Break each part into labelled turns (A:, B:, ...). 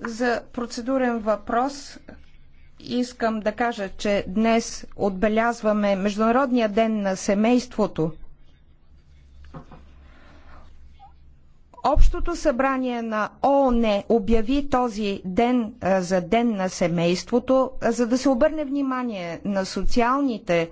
A: За процедурен въпрос искам да кажа, че днес отбелязваме Международния ден на семейството. Общото събрание на ООН обяви този ден за ден на семейството, за да се обърне внимание на социалните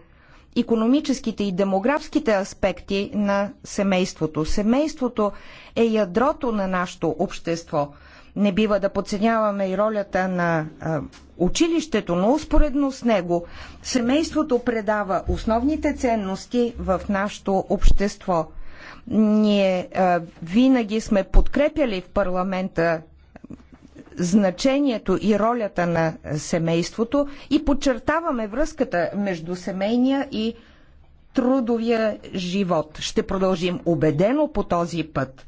A: економическите и демографските аспекти на семейството. Семейството е ядрото на нашето общество. Не бива да подценяваме и ролята на а, училището, но успоредно с него семейството предава основните ценности в нашето общество. Ние а, винаги сме подкрепяли в парламента значението и ролята на семейството и подчертаваме връзката между семейния и трудовия живот. Ще продължим убедено по този път.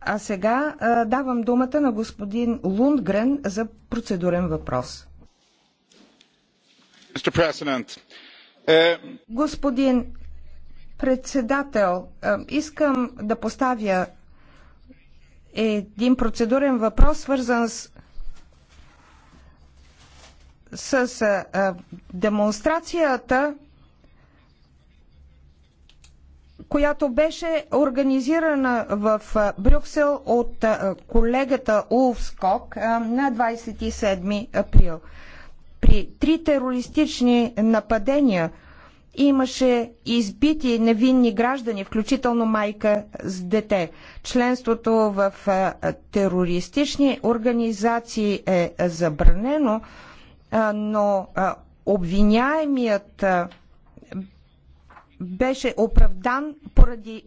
A: А сега а, давам думата на господин Лундгрен за процедурен въпрос. Е, господин председател, искам да поставя един процедурен въпрос, свързан с, с а, демонстрацията, която беше организирана в Брюксел от колегата а, на 27 април. При три терористични нападения – имаше избити невинни граждани, включително майка с дете. Членството в терористични организации е забранено, но обвиняемият беше оправдан поради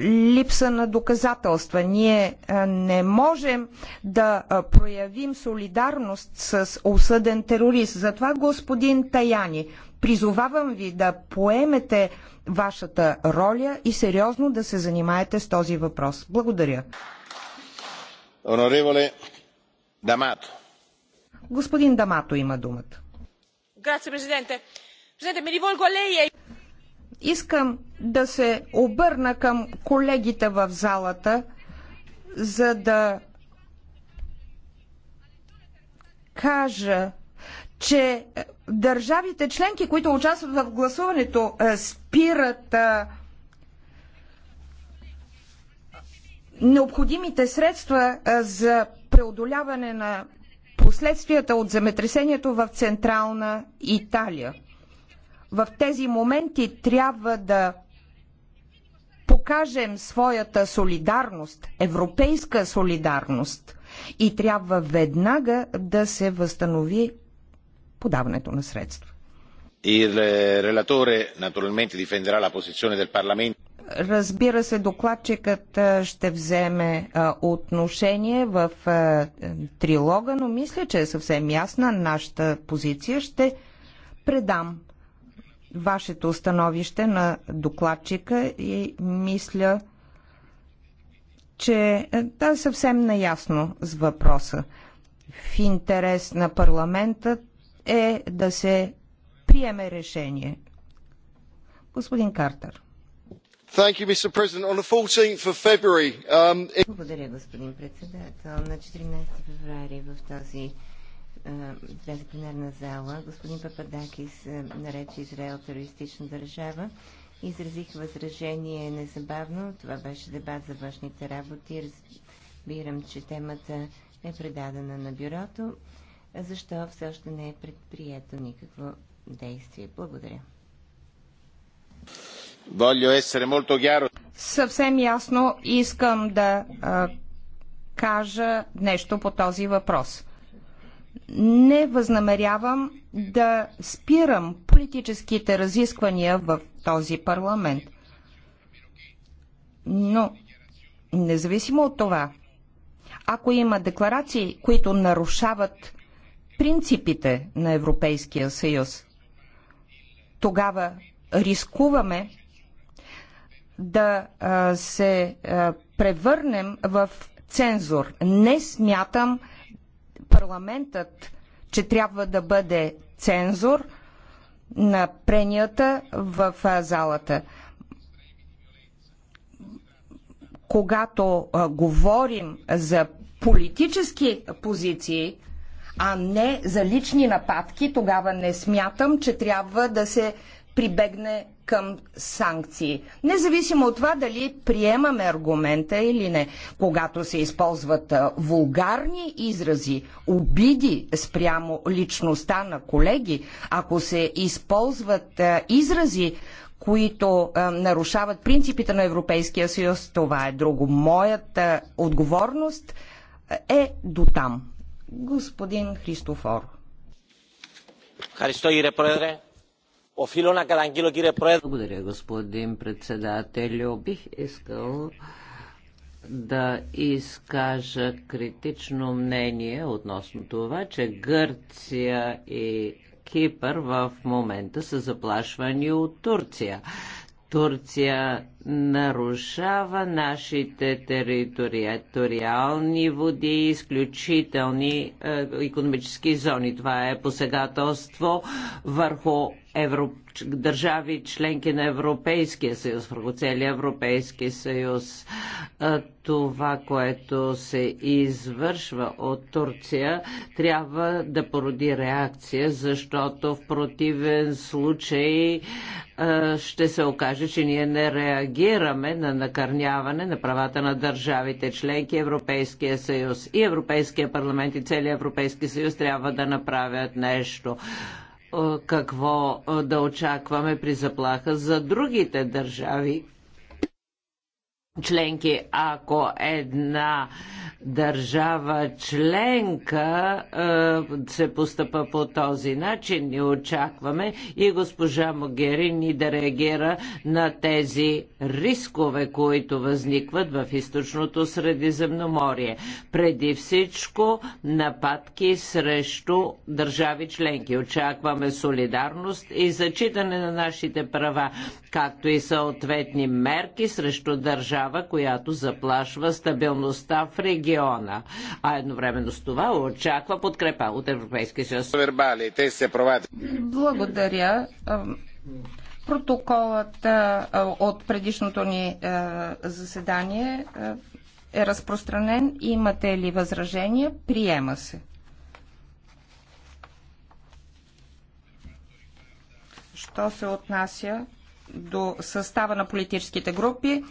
A: липса на доказателства. Ние не можем да проявим солидарност с осъден терорист. Затова, господин Таяни, Призовавам ви да поемете вашата роля и сериозно да се занимаете с този въпрос. Благодаря. Дамато. Господин Дамато има думата. Грация, президенте. Президенте, ми Искам да се обърна към колегите в залата, за да кажа, че е, държавите членки, които участват в гласуването, е, спират е, необходимите средства за преодоляване на последствията от земетресението в Централна Италия. В тези моменти трябва да покажем своята солидарност, европейска солидарност и трябва веднага да се възстанови подаването на средства.
B: Eh,
A: Разбира се, докладчикът ще вземе отношение в трилога, но мисля, че е съвсем ясна нашата позиция. Ще предам вашето становище на докладчика и мисля, че да е съвсем наясно с въпроса. В интерес на парламентът е да се приеме решение. Господин Картер. Благодаря, господин председател. На 14 февруари в този в тази пленарна зала господин Пападакис нарече Израел терористична държава. Изразих възражение незабавно. Това беше дебат за външните работи. Разбирам, че темата е предадена на бюрото защо все още не е предприето никакво действие. Благодаря. Съвсем ясно искам да а, кажа нещо по този въпрос. Не възнамерявам да спирам политическите разисквания в този парламент. Но, независимо от това, ако има декларации, които нарушават принципите на Европейския съюз. Тогава рискуваме да се превърнем в цензор. Не смятам парламентът, че трябва да бъде цензор на пренията в залата. Когато говорим за политически позиции, а не за лични нападки, тогава не смятам, че трябва да се прибегне към санкции. Независимо от това дали приемаме аргумента или не, когато се използват вулгарни изрази, обиди спрямо личността на колеги, ако се използват изрази, които е, нарушават принципите на Европейския съюз, това е друго. Моята отговорност е до там господин Христофор.
B: Благодаря, господин председател. Бих искал да изкажа критично мнение относно това, че Гърция и Кипър в момента са заплашвани от Турция. Турция нарушава нашите териториални води, изключителни е, економически зони. Това е посегателство върху евро... държави членки на Европейския съюз, върху целия Европейски съюз. Е, това, което се извършва от Турция, трябва да породи реакция, защото в противен случай е, ще се окаже, че ние не реагираме реагираме на накърняване на правата на държавите, членки Европейския съюз и Европейския парламент и целият Европейски съюз трябва да направят нещо какво да очакваме при заплаха за другите държави членки, ако една държава членка е, се постъпа по този начин, ни очакваме и госпожа Могерини да реагира на тези рискове, които възникват в източното Средиземноморие. Преди всичко нападки срещу държави членки. Очакваме солидарност и зачитане на нашите права, както и съответни мерки срещу държави държава, която заплашва стабилността в региона. А едновременно с това очаква подкрепа от Европейския съюз.
A: Благодаря. Протоколът от предишното ни заседание е разпространен. Имате ли възражения? Приема се. Що се отнася до състава на политическите групи,